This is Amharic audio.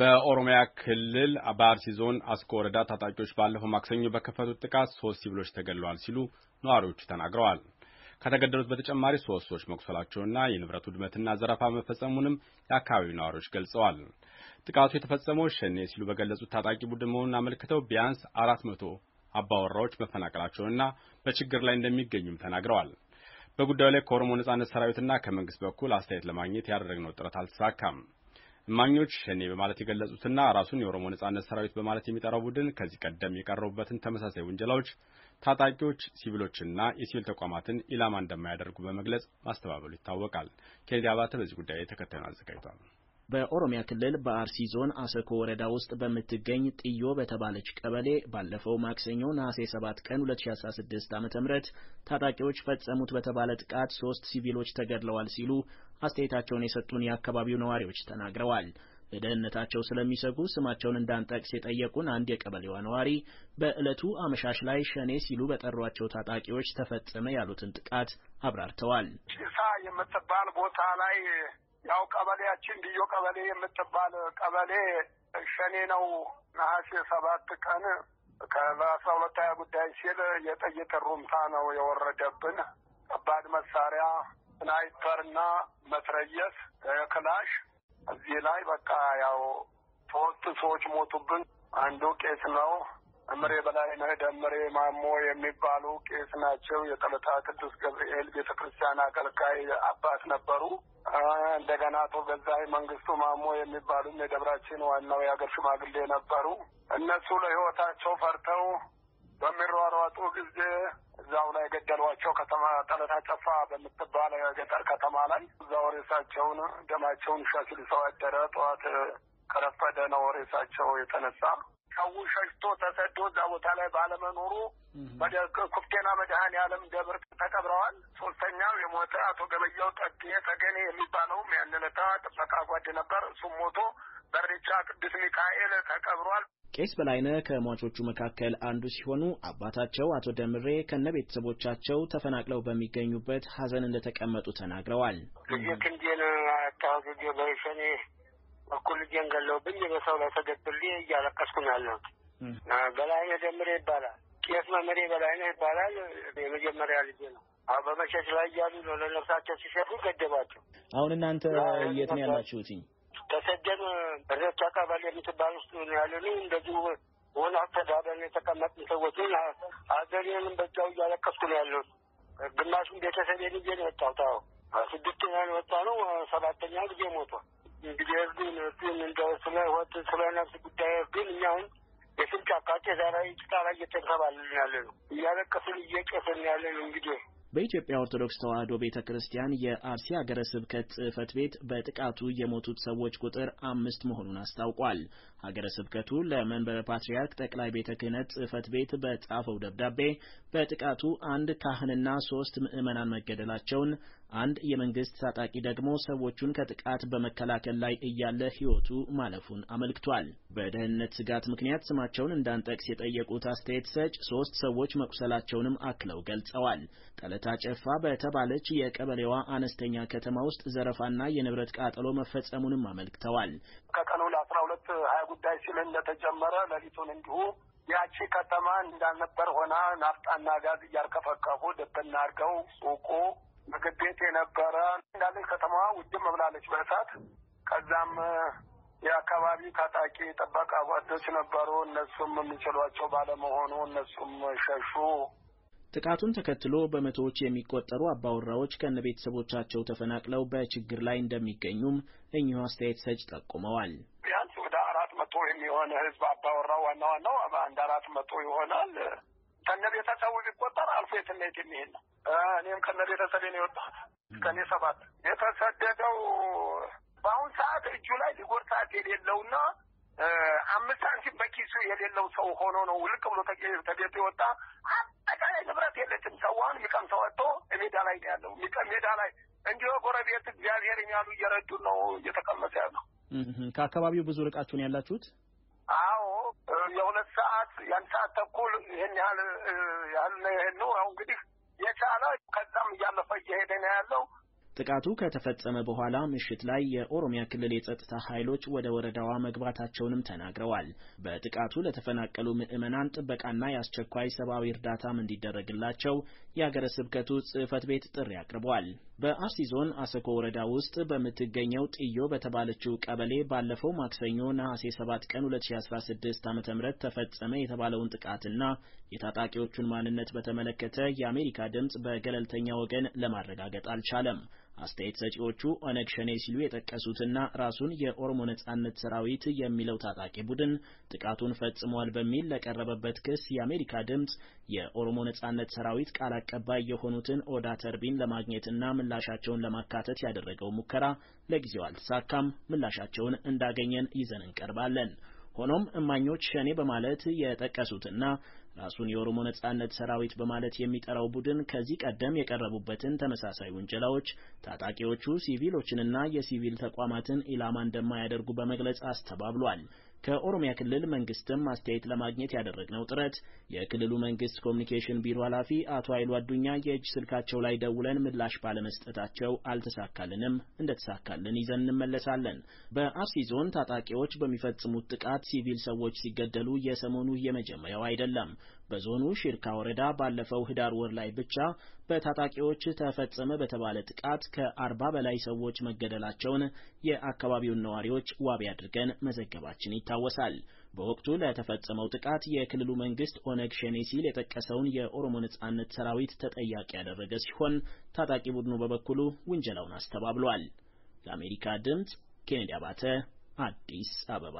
በኦሮሚያ ክልል በአርሲ ዞን አስኮ ወረዳ ታጣቂዎች ባለፈው ማክሰኞ በከፈቱት ጥቃት ሶስት ሲቪሎች ተገድለዋል ሲሉ ነዋሪዎቹ ተናግረዋል። ከተገደሉት በተጨማሪ ሶስት ሰዎች መቁሰላቸውና የንብረት ውድመትና ዘረፋ መፈጸሙንም የአካባቢው ነዋሪዎች ገልጸዋል። ጥቃቱ የተፈጸመው ሸኔ ሲሉ በገለጹት ታጣቂ ቡድን መሆኑን አመልክተው ቢያንስ አራት መቶ አባወራዎች መፈናቀላቸውንና በችግር ላይ እንደሚገኙም ተናግረዋል። በጉዳዩ ላይ ከኦሮሞ ነጻነት ሰራዊትና ከመንግስት በኩል አስተያየት ለማግኘት ያደረግነው ጥረት አልተሳካም። እማኞች ሸኔ በማለት የገለጹትና ራሱን የኦሮሞ ነጻነት ሰራዊት በማለት የሚጠራው ቡድን ከዚህ ቀደም የቀረቡበትን ተመሳሳይ ውንጀላዎች ታጣቂዎች ሲቪሎችና የሲቪል ተቋማትን ኢላማ እንደማያደርጉ በመግለጽ ማስተባበሉ ይታወቃል። ኬኔዲ አባተ በዚህ ጉዳይ ተከታዩን አዘጋጅቷል። በኦሮሚያ ክልል በአርሲ ዞን አሰኮ ወረዳ ውስጥ በምትገኝ ጥዮ በተባለች ቀበሌ ባለፈው ማክሰኞ ነሐሴ 7 ቀን 2016 ዓ ም ታጣቂዎች ፈጸሙት በተባለ ጥቃት ሶስት ሲቪሎች ተገድለዋል ሲሉ አስተያየታቸውን የሰጡን የአካባቢው ነዋሪዎች ተናግረዋል። ለደህንነታቸው ስለሚሰጉ ስማቸውን እንዳንጠቅስ የጠየቁን አንድ የቀበሌዋ ነዋሪ በዕለቱ አመሻሽ ላይ ሸኔ ሲሉ በጠሯቸው ታጣቂዎች ተፈጸመ ያሉትን ጥቃት አብራርተዋል። ጭሳ የምትባል ቦታ ላይ ያው ቀበሌያችን ብዮ ቀበሌ የምትባል ቀበሌ ሸኔ ነው ነሐሴ ሰባት ቀን ከአስራ ሁለት ሀያ ጉዳይ ሲል የጥይት ሩምታ ነው የወረደብን። ከባድ መሳሪያ ስናይፐርና መትረየስ ክላሽ እዚህ ላይ በቃ ያው ሶስት ሰዎች ሞቱብን። አንዱ ቄስ ነው፣ እምሬ በላይነህ ደምሬ ማሞ የሚባሉ ቄስ ናቸው። የጠለታ ቅዱስ ገብርኤል ቤተ ክርስቲያን አገልጋይ አባት ነበሩ። እንደገና አቶ ገዛይ መንግስቱ ማሞ የሚባሉም የደብራችን ዋናው የሀገር ሽማግሌ ነበሩ። እነሱ ለህይወታቸው ፈርተው በሚሯሯጡ ጊዜ እዛው ላይ የገደሏቸው ከተማ ጠለታ ጨፋ በምትባለ የገጠር ከተማ ላይ እዛው ሬሳቸውን ደማቸውን ሻሽል ሰው ያደረ ጠዋት ከረፈደ ነው ሬሳቸው የተነሳ ሰው ሸሽቶ ተሰዶ እዛ ቦታ ላይ ባለመኖሩ ኩፍቴና መድኃኔ ዓለም ደብር ተቀብረዋል። ሶስተኛው የሞተ አቶ ገበያው ጠጤ ተገኔ የሚባለውም ያንለታ ጥበቃ ጓድ ነበር። እሱም ሞቶ በሬቻ ቅዱስ ሚካኤል ተቀብሯል። ቄስ በላይነ ከሟቾቹ መካከል አንዱ ሲሆኑ አባታቸው አቶ ደምሬ ከነ ቤተሰቦቻቸው ተፈናቅለው በሚገኙበት ሀዘን እንደተቀመጡ ተናግረዋል። ልጅ ክንዴን አታውቅ ሸኔ በኩል ልጄን ገለውብኝ በሰው ላይ ተገድልኝ እያለቀስኩ ነው ያለሁት። በላይነህ ደምሬ ይባላል። ቄስ መምህሬ በላይነህ ይባላል። የመጀመሪያ ልጄ ነው። አሁ በመሸሽ ላይ እያሉ ነው ለነፍሳቸው ሲሸፉ ገደባቸው። አሁን እናንተ የት ነው ያላችሁትኝ? ተሰደን እረቻ ቀበሌ የምትባል ውስጥ ነው ያለን። እንደዚሁ ሆነ አስተዳደር የተቀመጥን ሰዎችን አዘኔንም በዛው እያለቀስኩ ነው ያለሁት። ግማሹን ቤተሰብ ይዤ ነው አዎ ስድስተኛ ወጣ ነው። ሰባተኛ ጊዜ ሞቷል። እንግዲህ ህዝብን ህዝብን እንደው ስለ ወጥ ስለ ነፍስ ጉዳይ ህዝብን እኛ አሁን የስልክ አቃቂ ዛሬ ጭጣ ላይ እየተንከባለልን ያለ ነው። እያለቀስን እየጨፍን ያለ ነው እንግዲህ በኢትዮጵያ ኦርቶዶክስ ተዋሕዶ ቤተ ክርስቲያን የአርሲ ሀገረ ስብከት ጽሕፈት ቤት በጥቃቱ የሞቱት ሰዎች ቁጥር አምስት መሆኑን አስታውቋል። ሀገረ ስብከቱ ለመንበረ ፓትርያርክ ጠቅላይ ቤተ ክህነት ጽሕፈት ቤት በጻፈው ደብዳቤ በጥቃቱ አንድ ካህንና ሶስት ምዕመናን መገደላቸውን፣ አንድ የመንግስት ታጣቂ ደግሞ ሰዎቹን ከጥቃት በመከላከል ላይ እያለ ሕይወቱ ማለፉን አመልክቷል። በደህንነት ስጋት ምክንያት ስማቸውን እንዳንጠቅስ የጠየቁት አስተያየት ሰጭ ሶስት ሰዎች መቁሰላቸውንም አክለው ገልጸዋል። ጠለታ ጨፋ በተባለች የቀበሌዋ አነስተኛ ከተማ ውስጥ ዘረፋና የንብረት ቃጠሎ መፈጸሙንም አመልክተዋል። ከቀኑ ለአስራ ሁለት ሀያ ጉዳይ ሲል እንደተጀመረ ሌሊቱን እንዲሁ ያቺ ከተማ እንዳልነበር ሆና ናፍጣና ጋዝ እያርከፈከፉ ድብና አድርገው ሱቁ፣ ምግብ ቤት የነበረ እንዳለች ከተማዋ ውድም መብላለች በእሳት ከዛም የአካባቢ ታጣቂ ጥበቃ ጓዶች ነበሩ። እነሱም የሚችሏቸው ባለመሆኑ እነሱም ሸሹ። ጥቃቱን ተከትሎ በመቶዎች የሚቆጠሩ አባወራዎች ከነ ቤተሰቦቻቸው ተፈናቅለው በችግር ላይ እንደሚገኙም እኚሁ አስተያየት ሰጭ ጠቁመዋል። ቢያንስ ወደ አራት መቶ የሚሆነ ህዝብ አባወራው ዋና ዋናው አንድ አራት መቶ ይሆናል። ከነ ቤተሰቡ ቢቆጠር አልፎ የትነት የሚሄድ ነው። እኔም ከነ ቤተሰብ ነው የወጣሁት። ከኔ ሰባት የተሰደደው በአሁን ሰዓት እጁ ላይ ሊጎር ሰዓት የሌለውና አምስት ሳንቲም በኪሱ የሌለው ሰው ሆኖ ነው ውልቅ ብሎ ተቤቱ የወጣ አሁን የሚቀምሰ ተወጥቶ ሜዳ ላይ ነው ያለው። ሜዳ ላይ እንዲሁ ጎረቤት እግዚአብሔር ያሉ እየረዱ ነው እየተቀመጠ ያለው። ከአካባቢው ብዙ ርቃችሁን ያላችሁት? አዎ የሁለት ሰዓት የአንድ ሰዓት ተኩል ይህን ያህል ያህል ነው። ያው እንግዲህ የቻለ ከዛም እያለፈ እየሄደ ነው ያለው። ጥቃቱ ከተፈጸመ በኋላ ምሽት ላይ የኦሮሚያ ክልል የጸጥታ ኃይሎች ወደ ወረዳዋ መግባታቸውንም ተናግረዋል። በጥቃቱ ለተፈናቀሉ ምዕመናን ጥበቃና የአስቸኳይ ሰብአዊ እርዳታም እንዲደረግላቸው የአገረ ስብከቱ ጽህፈት ቤት ጥሪ አቅርቧል። በአርሲ ዞን አሰኮ ወረዳ ውስጥ በምትገኘው ጥዮ በተባለችው ቀበሌ ባለፈው ማክሰኞ ነሐሴ 7 ቀን 2016 ዓ ም ተፈጸመ የተባለውን ጥቃትና የታጣቂዎቹን ማንነት በተመለከተ የአሜሪካ ድምፅ በገለልተኛ ወገን ለማረጋገጥ አልቻለም። አስተያየት ሰጪዎቹ ኦነግ ሸኔ ሲሉ የጠቀሱትና ራሱን የኦሮሞ ነጻነት ሰራዊት የሚለው ታጣቂ ቡድን ጥቃቱን ፈጽሟል በሚል ለቀረበበት ክስ የአሜሪካ ድምጽ የኦሮሞ ነጻነት ሰራዊት ቃል አቀባይ የሆኑትን ኦዳ ተርቢን ለማግኘትና ምላሻቸውን ለማካተት ያደረገው ሙከራ ለጊዜው አልተሳካም። ምላሻቸውን እንዳገኘን ይዘን እንቀርባለን። ሆኖም እማኞች ሸኔ በማለት የጠቀሱትና ራሱን የኦሮሞ ነጻነት ሰራዊት በማለት የሚጠራው ቡድን ከዚህ ቀደም የቀረቡበትን ተመሳሳይ ውንጀላዎች ታጣቂዎቹ ሲቪሎችንና የሲቪል ተቋማትን ኢላማ እንደማያደርጉ በመግለጽ አስተባብሏል። ከኦሮሚያ ክልል መንግስትም አስተያየት ለማግኘት ያደረግነው ጥረት የክልሉ መንግስት ኮሚኒኬሽን ቢሮ ኃላፊ አቶ ኃይሉ አዱኛ የእጅ ስልካቸው ላይ ደውለን ምላሽ ባለመስጠታቸው አልተሳካልንም። እንደተሳካልን ይዘን እንመለሳለን። በአርሲ ዞን ታጣቂዎች በሚፈጽሙት ጥቃት ሲቪል ሰዎች ሲገደሉ የሰሞኑ የመጀመሪያው አይደለም። በዞኑ ሺርካ ወረዳ ባለፈው ህዳር ወር ላይ ብቻ በታጣቂዎች ተፈጸመ በተባለ ጥቃት ከአርባ በላይ ሰዎች መገደላቸውን የአካባቢውን ነዋሪዎች ዋቢ አድርገን መዘገባችን ይታወሳል። በወቅቱ ለተፈጸመው ጥቃት የክልሉ መንግስት ኦነግ ሸኔ ሲል የጠቀሰውን የኦሮሞ ነጻነት ሰራዊት ተጠያቂ ያደረገ ሲሆን ታጣቂ ቡድኑ በበኩሉ ውንጀላውን አስተባብሏል። ለአሜሪካ ድምፅ ኬኔዲ አባተ አዲስ አበባ